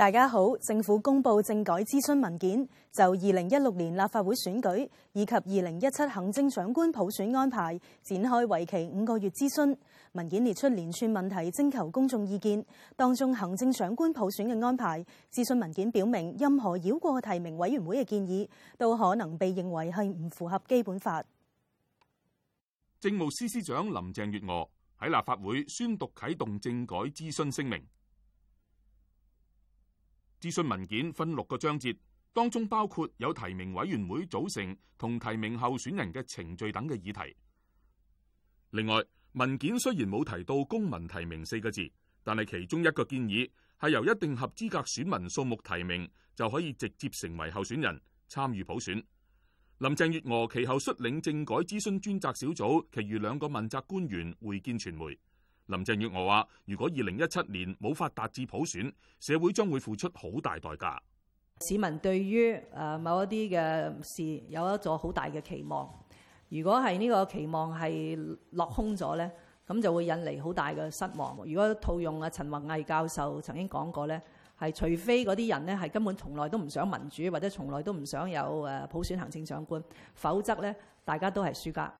大家好，政府公布政改諮詢文件，就二零一六年立法會選舉以及二零一七行政長官普選安排展開為期五個月諮詢。文件列出連串問題徵求公眾意見，當中行政長官普選嘅安排，諮詢文件表明任何繞過提名委員會嘅建議都可能被認為係唔符合基本法。政務司司長林鄭月娥喺立法會宣讀啟動政改諮詢聲明。諮詢文件分六個章節，當中包括有提名委員會組成同提名候選人嘅程序等嘅議題。另外，文件雖然冇提到公民提名四個字，但係其中一個建議係由一定合資格選民數目提名，就可以直接成為候選人參與普選。林鄭月娥其後率領政改諮詢專責小組，其餘兩個問責官員會見傳媒。林鄭月娥話，如果二零一七年冇法達至普選，社會將會付出好大代價。市民對於誒某一啲嘅事有一座好大嘅期望，如果係呢個期望係落空咗咧，咁就會引嚟好大嘅失望。如果套用啊陳弘毅教授曾經講過咧，係除非嗰啲人咧係根本從來都唔想民主，或者從來都唔想有誒普選行政長官，否則咧大家都係輸家。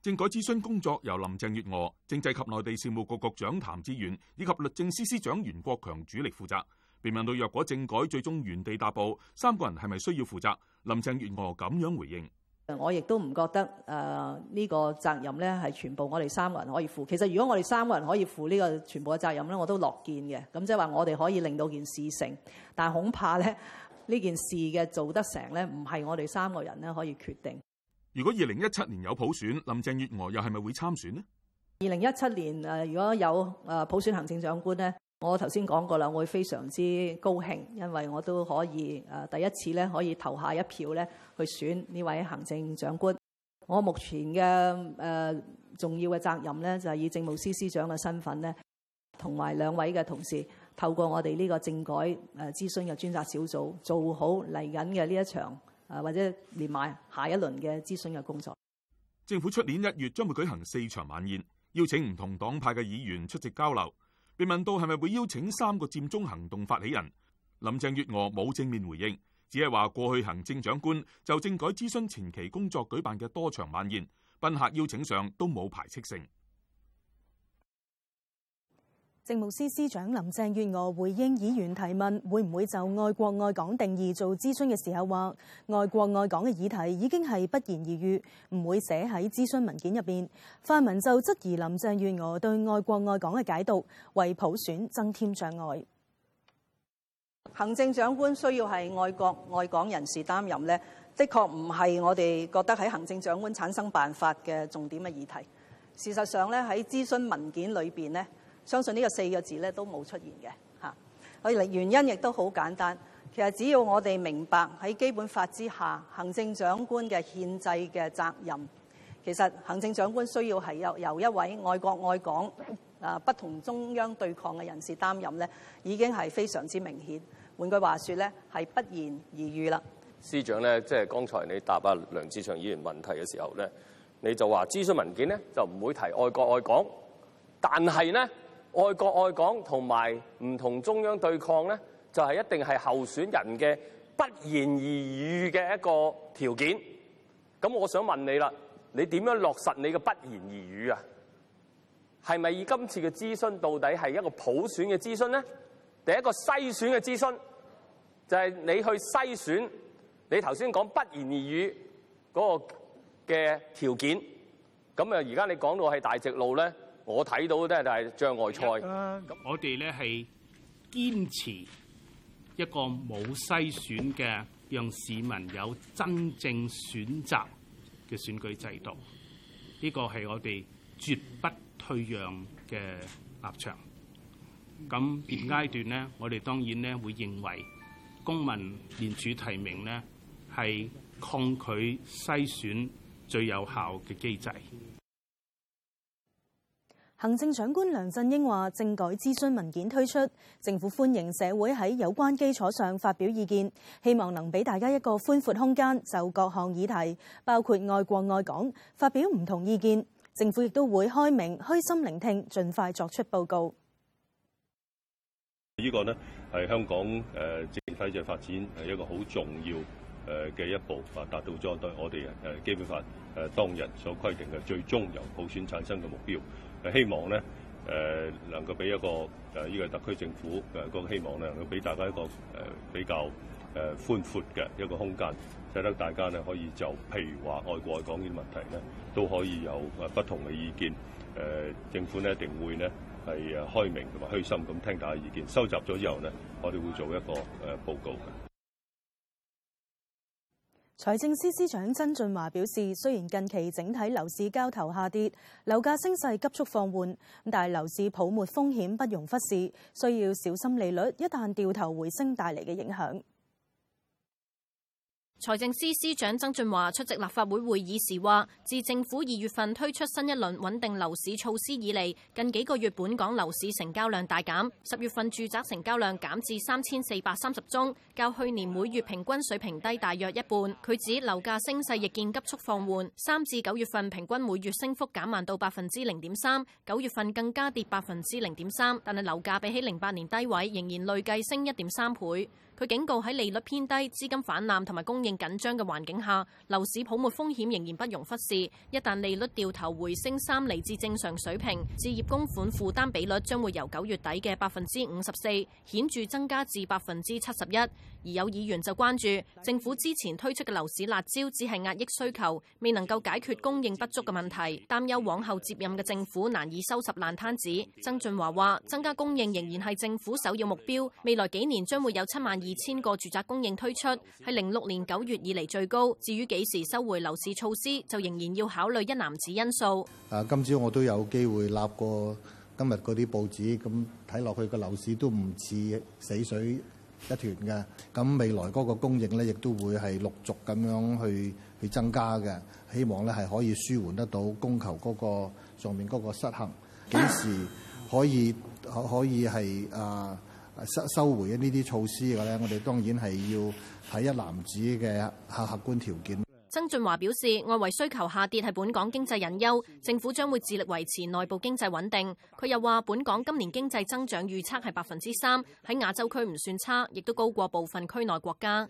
政改諮詢工作由林鄭月娥、政制及內地事務局局長譚志源以及律政司司長袁國強主力負責。被問到若果政改最終原地踏步，三個人係咪需要負責？林鄭月娥咁樣回應：我亦都唔覺得誒呢個責任咧係全部我哋三個人可以負。其實如果我哋三個人可以負呢個全部嘅責任咧，我都樂見嘅。咁即係話我哋可以令到件事成，但恐怕咧呢件事嘅做得成咧，唔係我哋三個人咧可以決定。如果二零一七年有普選，林鄭月娥又係咪會參選呢？二零一七年誒，如果有誒普選行政長官咧，我頭先講過啦，我會非常之高興，因為我都可以誒第一次咧可以投下一票咧去選呢位行政長官。我目前嘅誒、呃、重要嘅責任咧，就係以政務司司長嘅身份咧，同埋兩位嘅同事透過我哋呢個政改誒諮詢嘅專責小組做好嚟緊嘅呢一場。啊，或者連埋下一輪嘅諮詢嘅工作。政府出年一月將會舉行四場晚宴，邀請唔同黨派嘅議員出席交流。被問到係咪會邀請三個佔中行動發起人，林鄭月娥冇正面回應，只係話過去行政長官就政改諮詢前期工作舉辦嘅多場晚宴，賓客邀請上都冇排斥性。政務司司長林鄭月娥回應議員提問，會唔會就愛國愛港定義做諮詢嘅時候，話愛國愛港嘅議題已經係不言而喻，唔會寫喺諮詢文件入邊。泛民就質疑林鄭月娥對愛國愛港嘅解讀為普選增添障礙。行政長官需要係愛國愛港人士擔任呢，的確唔係我哋覺得喺行政長官產生辦法嘅重點嘅議題。事實上咧，喺諮詢文件裏邊呢。相信呢個四個字咧都冇出現嘅嚇。我哋原因亦都好簡單，其實只要我哋明白喺基本法之下，行政長官嘅憲制嘅責任，其實行政長官需要係由由一位愛國愛港啊、不同中央對抗嘅人士擔任咧，已經係非常之明顯。換句話說咧，係不言而喻啦。司長咧，即係剛才你答啊，梁志祥議員問題嘅時候咧，你就話諮詢文件咧就唔會提愛國愛港，但係呢。愛國愛港同埋唔同中央對抗咧，就係、是、一定係候選人嘅不言而喻嘅一個條件。咁我想問你啦，你點樣落實你嘅不言而喻啊？係咪以今次嘅諮詢到底係一個普選嘅諮詢咧？第一個篩選嘅諮詢就係、是、你去篩選你頭先講不言而喻嗰個嘅條件。咁啊，而家你講到係大直路咧。我睇到咧就係障礙賽。是的、啊。我哋咧係堅持一個冇篩選嘅，讓市民有真正選擇嘅選舉制度。呢個係我哋絕不退讓嘅立場。咁現階段呢，我哋當然咧會認為公民連署提名呢，係抗拒篩選最有效嘅機制。行政長官梁振英話：政改諮詢文件推出，政府歡迎社會喺有關基礎上發表意見，希望能俾大家一個寬闊空間就各項議題，包括愛國愛港，發表唔同意見。政府亦都會開明、虛心聆聽，盡快作出報告。呢個呢係香港誒政制發展係一個好重要誒嘅一步，啊達到咗對我哋誒基本法誒當日所規定嘅最終由普選產生嘅目標。希望咧，誒、呃、能夠俾一個誒依、呃這個特區政府誒個、呃、希望咧，去俾大家一個誒、呃、比較誒、呃、寬闊嘅一個空間，使得大家咧可以就譬如話愛國愛港呢啲問題咧，都可以有誒不同嘅意見。誒、呃、政府呢一定會咧係誒開明同埋虛心咁聽大家的意見，收集咗之後咧，我哋會做一個誒、呃、報告嘅。財政司司長曾俊華表示，雖然近期整體樓市交投下跌，樓價升勢急速放緩，但樓市泡沫風險不容忽視，需要小心利率一旦掉頭回升帶嚟嘅影響。財政司司長曾俊華出席立法會會議時話，自政府二月份推出新一輪穩定樓市措施以嚟，近幾個月本港樓市成交量大減，十月份住宅成交量減至三千四百三十宗，較去年每月平均水平低大約一半。佢指樓價升勢亦見急速放緩，三至九月份平均每月升幅減慢到百分之零點三，九月份更加跌百分之零點三，但係樓價比起零八年低位仍然累計升一點三倍。佢警告喺利率偏低、資金氾濫同埋供應緊張嘅環境下，樓市泡沫風險仍然不容忽視。一旦利率掉頭回升三厘至正常水平，置業供款負擔比率將會由九月底嘅百分之五十四顯著增加至百分之七十一。而有議員就關注政府之前推出嘅樓市辣招，只係壓抑需求，未能夠解決供應不足嘅問題，擔憂往後接任嘅政府難以收拾爛攤子。曾俊華話：增加供應仍然係政府首要目標，未來幾年將會有七萬二千個住宅供應推出，係零六年九月以嚟最高。至於幾時收回樓市措施，就仍然要考慮一攬子因素。啊，今朝我都有機會立過今日嗰啲報紙，咁睇落去個樓市都唔似死水。一團嘅，咁未來嗰個供應咧，亦都會係陸續咁樣去去增加嘅。希望咧係可以舒緩得到供求嗰個上面嗰個失衡，幾時可以可可以係啊收收回呢啲措施嘅咧？我哋當然係要睇一籃子嘅客客觀條件。曾俊華表示，外圍需求下跌係本港經濟隱憂，政府將會致力維持內部經濟穩定。佢又話，本港今年經濟增長預測係百分之三，喺亞洲區唔算差，亦都高過部分區內國家。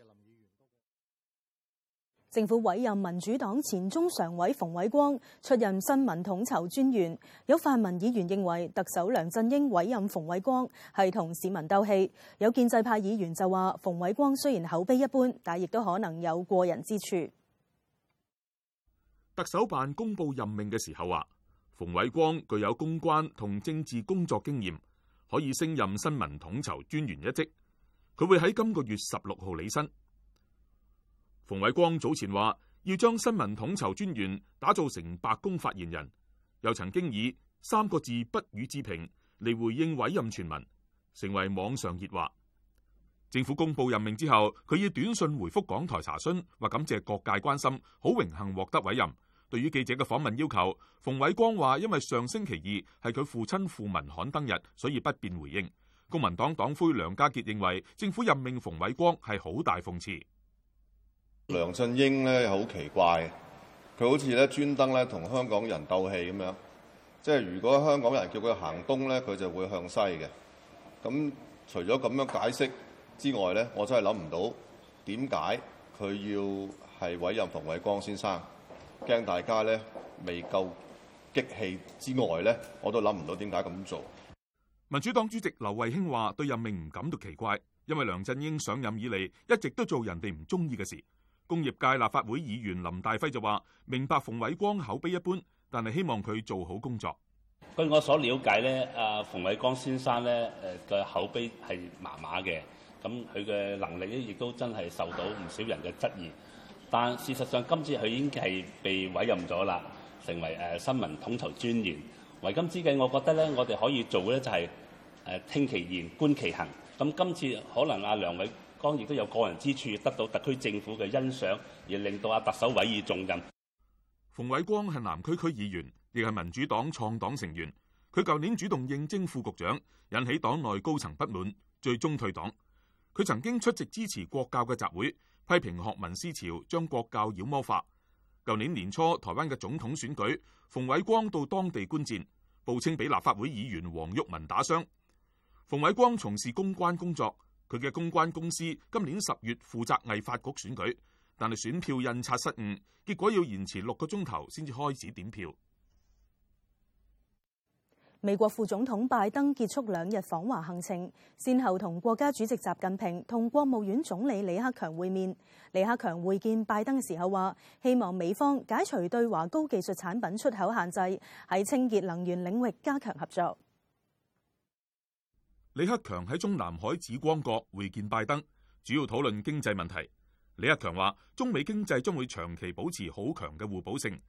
政府委任民主黨前中常委馮煒光出任新聞統籌專員。有泛民議員認為，特首梁振英委任馮煒光係同市民鬥氣；有建制派議員就話，馮煒光雖然口碑一般，但亦都可能有過人之處。特首辦公布任命嘅時候話，馮煒光具有公關同政治工作經驗，可以升任新聞統籌專員一職。佢會喺今個月十六號履新。馮煒光早前話要將新聞統籌專員打造成白宮發言人，又曾經以三個字不予置評嚟回應委任傳聞，成為網上熱話。政府公布任命之後，佢以短信回覆港台查詢，話感謝各界關心，好榮幸獲得委任。對於記者嘅訪問要求，馮煒光話：因為上星期二係佢父親傅文漢登日，所以不便回應。公民黨黨魁梁家傑認為政府任命馮煒光係好大諷刺。梁振英咧，好奇怪，佢好似咧專登咧同香港人鬥氣咁樣。即係如果香港人叫佢行東咧，佢就會向西嘅。咁除咗咁樣解釋之外咧，我真係諗唔到點解佢要係委任馮煒光先生。驚大家咧未夠激氣之外咧，我都諗唔到點解咁做。民主黨主席劉慧卿話：對任命唔感到奇怪，因為梁振英上任以嚟一直都做人哋唔中意嘅事。工業界立法會議員林大輝就話：明白馮煒光口碑一般，但係希望佢做好工作。據我所了解咧，阿馮煒光先生咧誒個口碑係麻麻嘅，咁佢嘅能力咧亦都真係受到唔少人嘅質疑。但事實上，今次佢已經係被委任咗啦，成為誒、呃、新聞統籌專員。為今之計，我覺得呢，我哋可以做嘅就係、是、誒、呃、聽其言，觀其行。咁今次可能阿、啊、梁偉光亦都有個人之處，得到特區政府嘅欣賞，而令到阿、啊、特首委以重任。馮煒光係南區區議員，亦係民主黨創黨成員。佢舊年主動應徵副局長，引起黨內高層不滿，最終退黨。佢曾經出席支持國教嘅集會。批評學民思潮將國教妖魔化。舊年年初，台灣嘅總統選舉，馮煒光到當地觀戰，報稱俾立法會議員黃毓民打傷。馮煒光從事公關工作，佢嘅公關公司今年十月負責藝發局選舉，但係選票印刷失誤，結果要延遲六個鐘頭先至開始點票。美國副總統拜登結束兩日訪華行程，先後同國家主席習近平同國務院總理李克強會面。李克強會見拜登嘅時候話，希望美方解除對華高技術產品出口限制，喺清潔能源領域加強合作。李克強喺中南海紫光閣會見拜登，主要討論經濟問題。李克強話，中美經濟將會長期保持好強嘅互補性，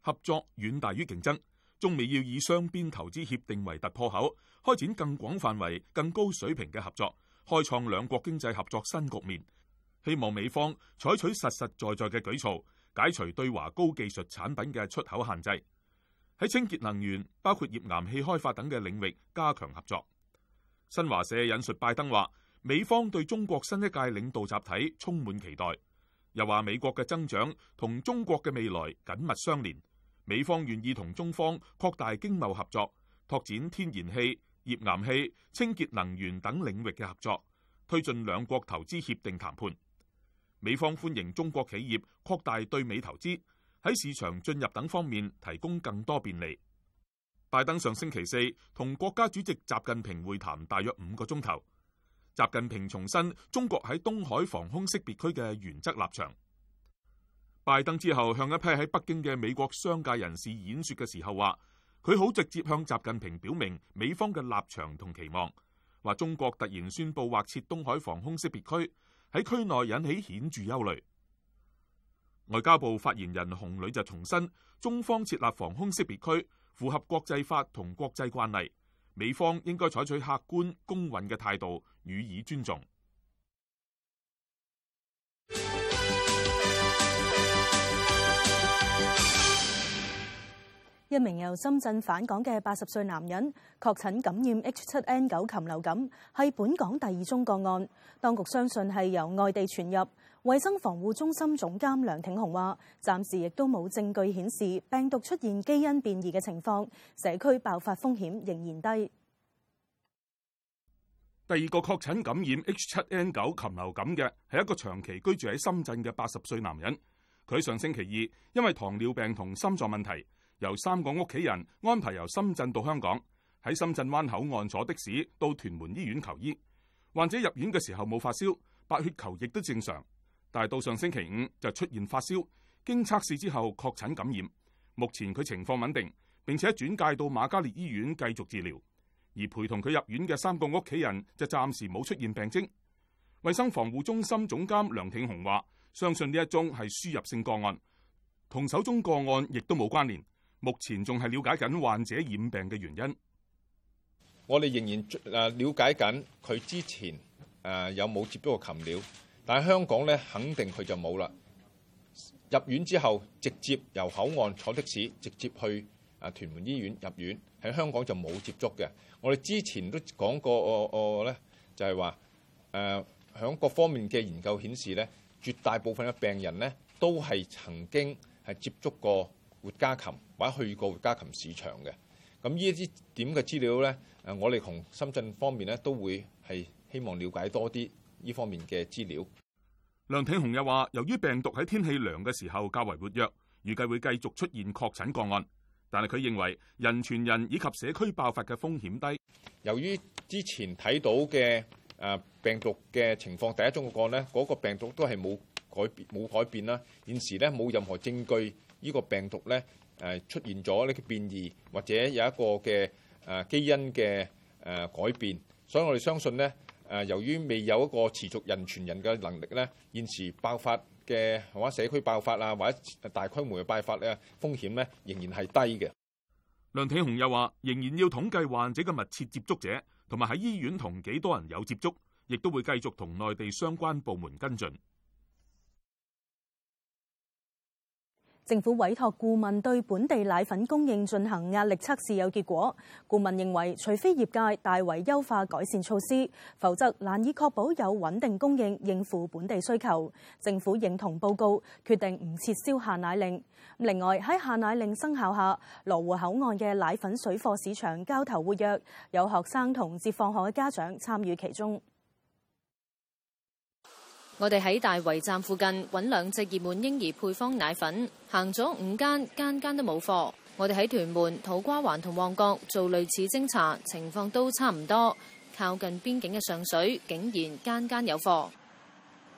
合作遠大於競爭。中美要以雙邊投資協定為突破口，開展更廣範圍、更高水平嘅合作，開創兩國經濟合作新局面。希望美方採取實實在在嘅舉措，解除對華高技術產品嘅出口限制，喺清潔能源、包括頁岩氣開發等嘅領域加強合作。新華社引述拜登話：美方對中國新一屆領導集體充滿期待，又話美國嘅增長同中國嘅未來緊密相連。美方願意同中方擴大經貿合作，拓展天然氣、頁岩氣、清潔能源等領域嘅合作，推進兩國投資協定談判。美方歡迎中國企業擴大對美投資，喺市場進入等方面提供更多便利。拜登上星期四同國家主席習近平會談大約五個鐘頭，習近平重申中國喺東海防空識別區嘅原則立場。拜登之後向一批喺北京嘅美國商界人士演說嘅時候，話佢好直接向習近平表明美方嘅立場同期望，話中國突然宣布劃設東海防空識別區喺區內引起顯著憂慮。外交部發言人洪磊就重申，中方設立防空識別區符合國際法同國際慣例，美方應該採取客觀公允嘅態度予以尊重。一名由深圳返港嘅八十歲男人確診感染 H 七 N 九禽流感，係本港第二宗個案。當局相信係由外地傳入。衛生防護中心總監梁挺雄話，暫時亦都冇證據顯示病毒出現基因變異嘅情況，社區爆發風險仍然低。第二個確診感染 H 七 N 九禽流感嘅係一個長期居住喺深圳嘅八十歲男人，佢上星期二因為糖尿病同心臟問題。由三個屋企人安排由深圳到香港，喺深圳灣口岸坐的士到屯門醫院求醫。患者入院嘅時候冇發燒，白血球亦都正常，但係到上星期五就出現發燒，經測試之後確診感染。目前佢情況穩定，並且轉介到瑪嘉烈醫院繼續治療。而陪同佢入院嘅三個屋企人就暫時冇出現病徵。衛生防護中心總監梁挺雄話，相信呢一宗係輸入性個案，同首宗個案亦都冇關聯。目前仲係了解緊患者染病嘅原因。我哋仍然誒瞭解緊佢之前誒、啊、有冇接觸過禽鳥？但係香港咧肯定佢就冇啦。入院之後直接由口岸坐的士直接去啊屯門醫院入院，喺香港就冇接觸嘅。我哋之前都講過，我我咧就係話誒，響、啊、各方面嘅研究顯示咧，絕大部分嘅病人咧都係曾經係接觸過。活家禽或者去過活家禽市場嘅，咁呢一啲點嘅資料咧，誒，我哋同深圳方面咧都會係希望了解多啲呢方面嘅資料。梁挺雄又話，由於病毒喺天氣涼嘅時候較為活躍，預計會繼續出現確診個案，但係佢認為人傳人以及社區爆發嘅風險低。由於之前睇到嘅誒病毒嘅情況第一宗個案咧，嗰個病毒都係冇改變冇改變啦，現時咧冇任何證據。呢個病毒咧，誒出現咗呢個變異，或者有一個嘅誒基因嘅誒改變，所以我哋相信咧，誒由於未有一個持續人傳人嘅能力咧，現時爆發嘅或者社區爆發啊，或者大規模嘅爆發咧，風險咧仍然係低嘅。梁挺雄又話，仍然要統計患者嘅密切接觸者，同埋喺醫院同幾多人有接觸，亦都會繼續同內地相關部門跟進。政府委托顧問對本地奶粉供應進行壓力測試，有結果。顧問認為，除非業界大為優化改善措施，否則難以確保有穩定供應應付本地需求。政府認同報告，決定唔撤銷限奶令。另外，喺限奶令生效下，羅湖口岸嘅奶粉水貨市場交投活躍，有學生同接放學嘅家長參與其中。我哋喺大圍站附近揾兩隻熱門嬰兒配方奶粉，行咗五間，間間都冇貨。我哋喺屯門土瓜灣同旺角做類似偵查，情況都差唔多。靠近邊境嘅上水，竟然間間有貨。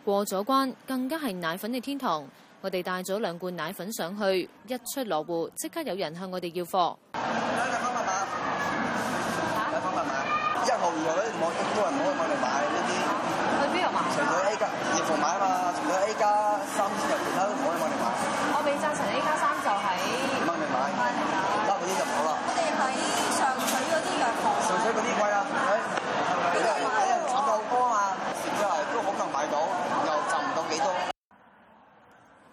過咗關，更加係奶粉嘅天堂。我哋帶咗兩罐奶粉上去，一出羅湖，即刻有人向我哋要貨。一號人仲買嘛？除咗 A 加三之外，其他都冇啦。我哋買。我畀贊成 A 加三就喺。冇人買。冇人買。拉嗰啲就冇啦。我哋喺啲上水嗰啲藥房買。上水嗰啲貴啊！係咪俾人炒到好多啊，然之後都可能買到，又賺唔到幾多。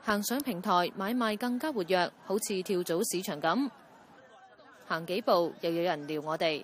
行上平台買賣更加活躍，好似跳蚤市場咁。行幾步又有人撩我哋。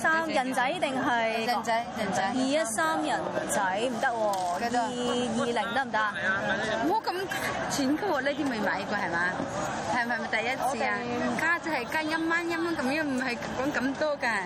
三人仔定係人仔，人仔二一三人仔唔得喎，二二零得唔得啊？冇咁錢㗋喎，呢啲未買過係嘛？係咪咪第一次啊？加就係加一蚊一蚊咁樣，唔係講咁多㗎。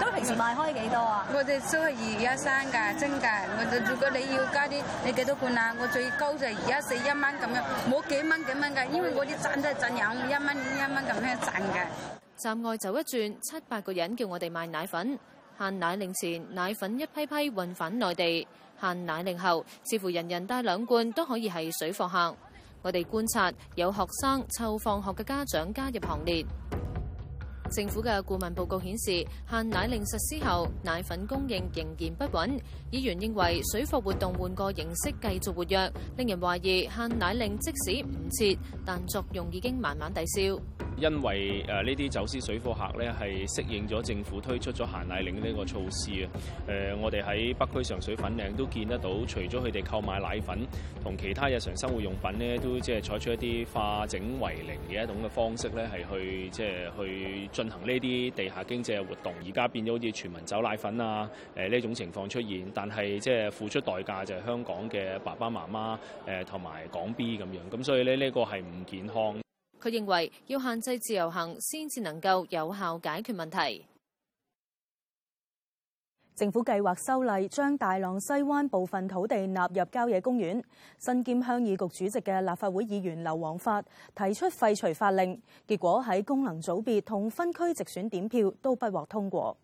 咁平時賣開幾多啊？我哋都係二一三㗎，真㗎。我哋如果你要加啲，你幾多罐啊？我最高就係二一四一蚊咁樣，冇幾蚊幾蚊㗎。因為我哋賺都係賺兩蚊一蚊一蚊咁樣賺㗎。站外走一轉，七八個人叫我哋賣奶粉。限奶令前，奶粉一批批運返內地；限奶令後，似乎人人帶兩罐都可以係水貨客。我哋觀察有學生湊放學嘅家長加入行列。政府嘅顧問報告顯示，限奶令實施後，奶粉供應仍然不穩。議員認為水貨活動換個形式繼續活躍，令人懷疑限奶令即使唔撤，但作用已經慢慢抵消。因為誒呢啲走私水貨客呢，係適應咗政府推出咗限奶令呢個措施啊、呃！我哋喺北區上水粉嶺都見得到，除咗佢哋購買奶粉同其他日常生活用品呢，都即係採取一啲化整為零嘅一種嘅方式呢係去即係、就係、去進行呢啲地下經濟嘅活動。而家變咗好似全民走奶粉啊！呢、呃、種情況出現，但係即係付出代價就係香港嘅爸爸媽媽誒同埋港 B 咁樣。咁所以呢，呢、這個係唔健康。佢認為要限制自由行先至能夠有效解決問題。政府計劃修例，將大浪西灣部分土地納入郊野公園。身兼鄉議局主席嘅立法會議員劉皇發提出廢除法令，結果喺功能組別同分區直選點票都不獲通過。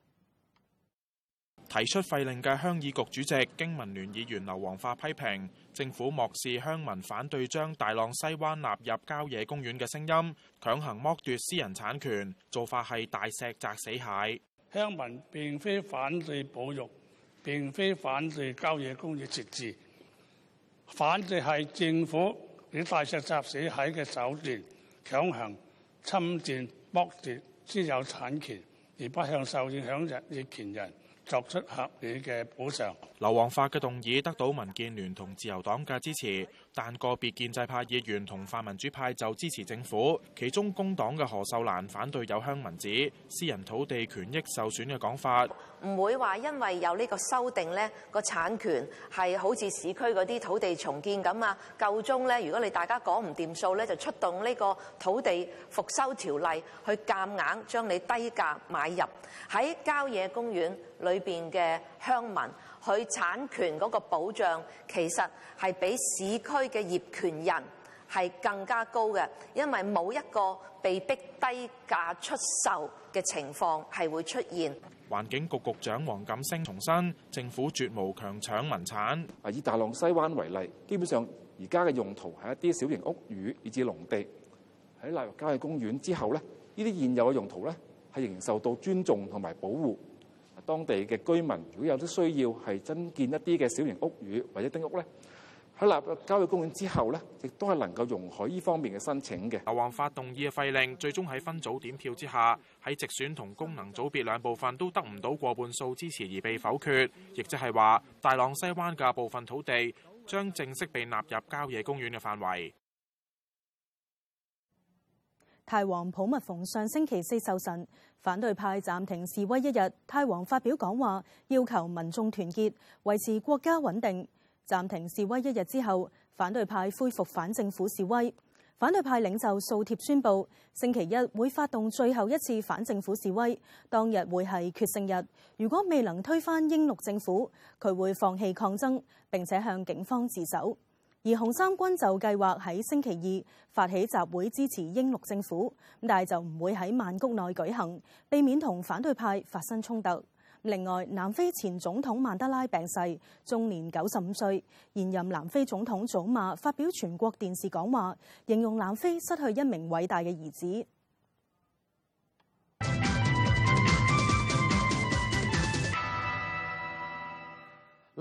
提出廢令嘅鄉議局主席經民聯議員劉皇發批評政府漠視鄉民反對將大浪西灣納入郊野公園嘅聲音，強行剝奪私人產權，做法係大石砸死蟹。鄉民並非反對保育，並非反對郊野公園設置，反對係政府以大石砸死蟹嘅手段，強行侵佔剝奪私有產權，而不向受影響人業權人，作出合理嘅補償。劉皇發嘅動議得到民建聯同自由黨嘅支持，但個別建制派議員同泛民主派就支持政府。其中工黨嘅何秀蘭反對有鄉民指私人土地權益受損嘅講法，唔會話因為有呢個修訂呢，呢個產權係好似市區嗰啲土地重建咁啊。夠鐘呢，如果你大家講唔掂數呢就出動呢個土地復修條例去夾硬，硬將你低價買入喺郊野公園裏面嘅鄉民。佢產權嗰個保障其實係比市區嘅業權人係更加高嘅，因為冇一個被逼低價出售嘅情況係會出現。環境局局長黃錦星重申，政府絕無強搶民產。啊，以大浪西灣為例，基本上而家嘅用途係一啲小型屋宇以至農地。喺納入郊野公園之後呢，呢啲現有嘅用途咧係仍然受到尊重同埋保護。當地嘅居民如果有啲需要係增建一啲嘅小型屋宇或者丁屋咧，喺納入郊野公園之後呢，亦都係能夠容許呢方面嘅申請嘅。劉皇發動議嘅廢令最終喺分組點票之下，喺直選同功能組別兩部分都得唔到過半數支持而被否決，亦即係話大浪西灣嘅部分土地將正式被納入郊野公園嘅範圍。泰王普密蓬上星期四壽辰，反對派暫停示威一日。泰王發表講話，要求民眾團結，維持國家穩定。暫停示威一日之後，反對派恢復反政府示威。反對派領袖素貼宣布，星期一會發動最後一次反政府示威，當日會係決勝日。如果未能推翻英祿政府，佢會放棄抗爭，並且向警方自首。而紅衫軍就計劃喺星期二發起集會支持英祿政府，但係就唔會喺曼谷內舉行，避免同反對派發生衝突。另外，南非前總統曼德拉病逝，終年九十五歲。現任南非總統祖馬發表全國電視講話，形容南非失去一名偉大嘅兒子。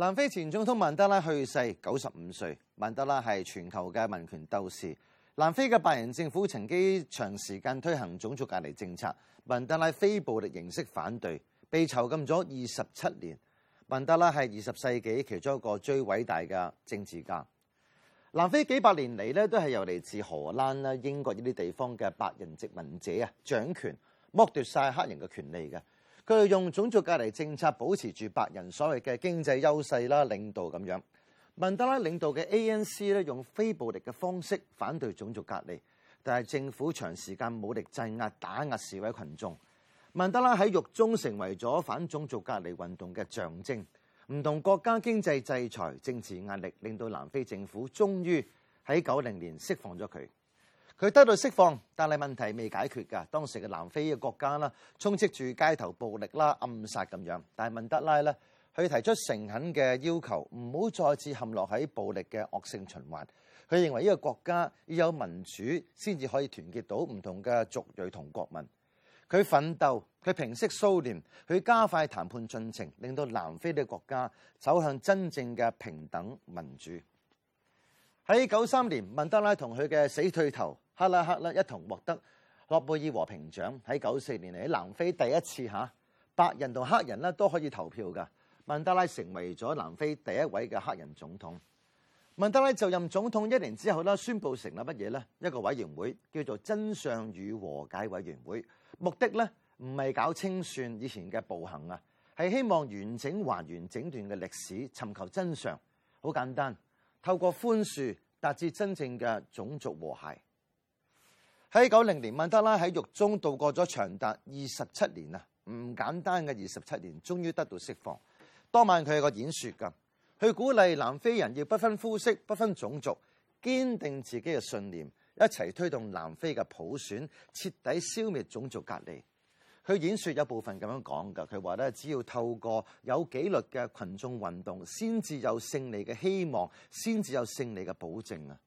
南非前總統曼德拉去世，九十五歲。曼德拉係全球嘅民權鬥士。南非嘅白人政府曾經長時間推行種族隔離政策，曼德拉非暴力形式反對，被囚禁咗二十七年。曼德拉係二十世紀其中一個最偉大嘅政治家。南非幾百年嚟咧，都係由嚟自荷蘭啦、英國呢啲地方嘅白人殖民者啊，掌權剝奪曬黑人嘅權利嘅。佢用種族隔離政策保持住白人所謂嘅經濟優勢啦，領導咁樣。曼德拉領導嘅 ANC 咧，用非暴力嘅方式反對種族隔離，但係政府長時間武力鎮壓，打壓示威群眾。曼德拉喺獄中成為咗反種族隔離運動嘅象徵，唔同國家經濟制裁、政治壓力令到南非政府終於喺九零年釋放咗佢。佢得到釋放，但係問題未解決㗎。當時嘅南非嘅國家啦，充斥住街頭暴力啦、暗殺咁樣。但係曼德拉咧，佢提出誠懇嘅要求，唔好再次陷落喺暴力嘅惡性循環。佢認為呢個國家要有民主，先至可以團結到唔同嘅族裔同國民。佢奮鬥，佢平息蘇聯，佢加快談判進程，令到南非嘅國家走向真正嘅平等民主。喺九三年，曼德拉同佢嘅死對頭。克拉克拉一同獲得諾貝爾和平獎。喺九四年嚟，喺南非第一次嚇白人同黑人咧都可以投票噶，曼德拉成為咗南非第一位嘅黑人總統。曼德拉就任總統一年之後咧，宣布成立乜嘢呢？一個委員會叫做真相與和解委員會，目的咧唔係搞清算以前嘅暴行啊，係希望完整還原整段嘅歷史，尋求真相。好簡單，透過寬恕達至真正嘅種族和諧。喺九零年，曼德拉喺獄中度過咗長達二十七年啊，唔簡單嘅二十七年，終於得到釋放。當晚佢有個演說噶，佢鼓勵南非人要不分膚色、不分種族，堅定自己嘅信念，一齊推動南非嘅普選，徹底消滅種族隔離。佢演說有部分咁樣講噶，佢話咧，只要透過有紀律嘅群眾運動，先至有勝利嘅希望，先至有勝利嘅保證啊。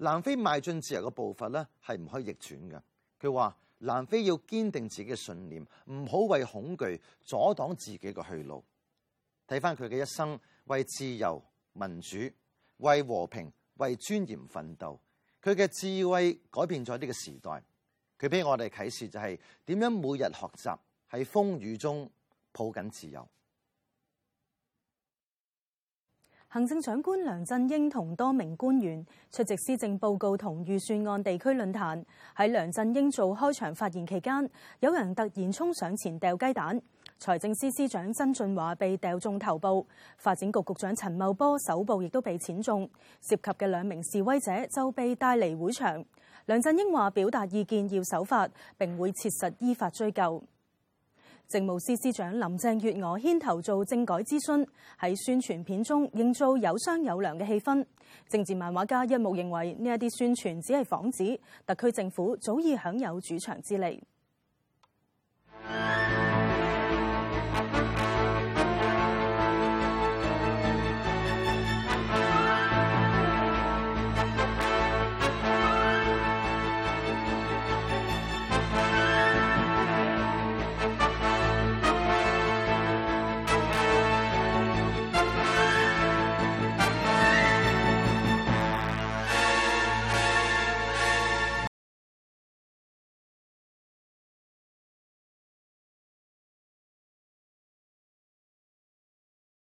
南非邁進自由嘅步伐咧，係唔可以逆轉嘅。佢話南非要堅定自己嘅信念，唔好為恐懼阻擋自己嘅去路。睇翻佢嘅一生，為自由、民主、為和平、為尊嚴奮鬥，佢嘅智慧改變咗呢個時代。佢俾我哋啟示就係點樣每日學習，喺風雨中抱緊自由。行政長官梁振英同多名官員出席施政報告同預算案地區論壇。喺梁振英做開場發言期間，有人突然衝上前掉雞蛋，財政司司長曾俊華被掉中頭部，發展局局長陳茂波手部亦都被濺中，涉及嘅兩名示威者就被帶離會場。梁振英話：表達意見要守法，並會切實依法追究。政務司司長林鄭月娥牽頭做政改諮詢，喺宣傳片中營造有商有量嘅氣氛。政治漫畫家一木認為呢一啲宣傳只係幌子，特區政府早已享有主場之利。